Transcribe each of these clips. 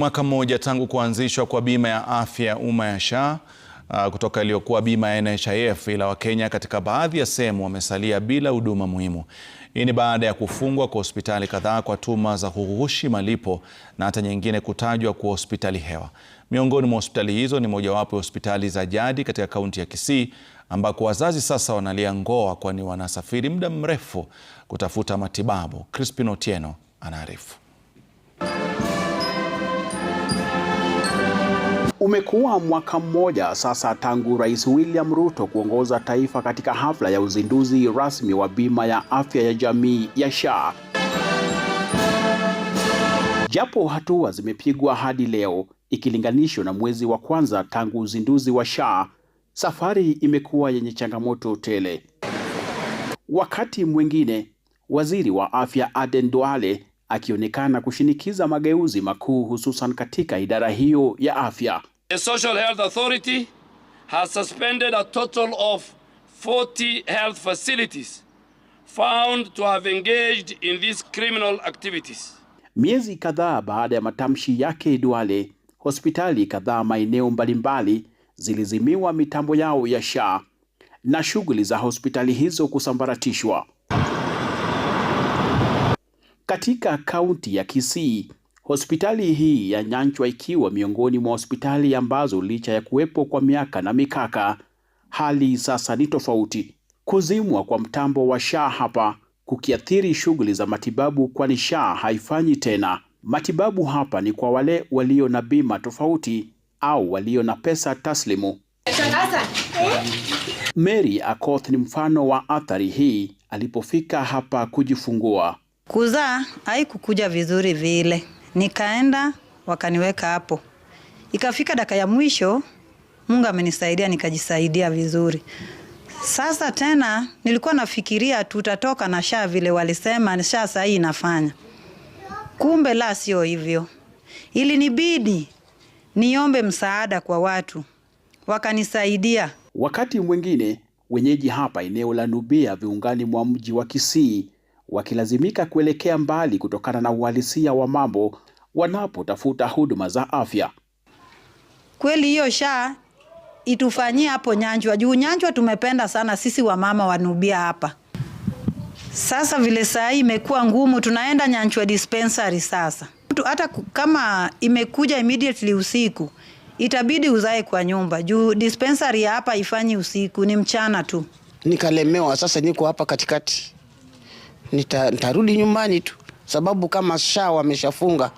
Mwaka mmoja tangu kuanzishwa kwa bima ya afya ya umma ya SHA uh, kutoka iliyokuwa bima ya NHIF, ila Wakenya katika baadhi ya sehemu wamesalia bila huduma muhimu. Hii ni baada ya kufungwa kwa hospitali kadhaa kwa tuma za kughushi malipo na hata nyingine kutajwa kuwa hospitali hewa. Miongoni mwa hospitali hizo ni mojawapo ya hospitali za jadi katika kaunti ya Kisii, ambako wazazi sasa wanalia ngoa, kwani wanasafiri muda mrefu kutafuta matibabu. Crispin Otieno anaarifu. Umekuwa mwaka mmoja sasa tangu Rais William Ruto kuongoza taifa katika hafla ya uzinduzi rasmi wa bima ya afya ya jamii ya SHA. Japo hatua zimepigwa hadi leo ikilinganishwa na mwezi wa kwanza tangu uzinduzi wa SHA, safari imekuwa yenye changamoto tele. Wakati mwingine, Waziri wa Afya Aden Duale akionekana kushinikiza mageuzi makuu hususan katika idara hiyo ya afya. The Social Health Authority has suspended a total of 40 health facilities found to have engaged in these criminal activities. Miezi kadhaa baada ya matamshi yake Duale, hospitali kadhaa maeneo mbalimbali zilizimiwa mitambo yao ya SHA na shughuli za hospitali hizo kusambaratishwa katika kaunti ya Kisii. Hospitali hii ya Nyanchwa ikiwa miongoni mwa hospitali ambazo licha ya kuwepo kwa miaka na mikaka, hali sasa ni tofauti. Kuzimwa kwa mtambo wa SHA hapa kukiathiri shughuli za matibabu, kwani SHA haifanyi tena matibabu hapa. Ni kwa wale walio na bima tofauti au walio na pesa taslimu. Mary Akoth ni mfano wa athari hii alipofika hapa kujifungua. Kuzaa haikukuja vizuri vile, nikaenda wakaniweka hapo. Ikafika dakika ya mwisho, Mungu amenisaidia nikajisaidia vizuri. Sasa tena nilikuwa nafikiria tutatoka na sha vile walisema shaa saa hii inafanya, kumbe la sio hivyo. Ilinibidi niombe msaada kwa watu wakanisaidia. Wakati mwingine wenyeji hapa eneo la Nubia viungani mwa mji wa Kisii wakilazimika kuelekea mbali kutokana na uhalisia wa mambo wanapotafuta huduma za afya. Kweli hiyo sha itufanyie hapo Nyanjwa juu Nyanjwa tumependa sana sisi wamama wanubia hapa. Sasa vile saa hii imekuwa ngumu, tunaenda Nyanjwa dispensary sasa. Hata kama imekuja immediately usiku, itabidi uzae kwa nyumba juu dispensary hapa ifanyi usiku, ni mchana tu. Nikalemewa sasa, niko hapa katikati nitarudi nyumbani tu, sababu kama sha wameshafunga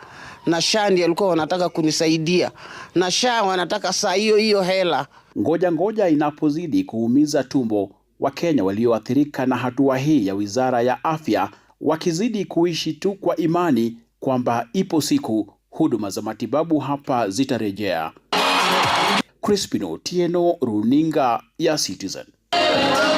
na shaa ndi alikuwa wanataka kunisaidia na shaa wanataka saa hiyo hiyo hela. Ngoja ngoja inapozidi kuumiza tumbo, Wakenya walioathirika na hatua hii ya Wizara ya Afya wakizidi kuishi tu kwa imani kwamba ipo siku huduma za matibabu hapa zitarejea. Crispino Tieno, runinga ya Citizen.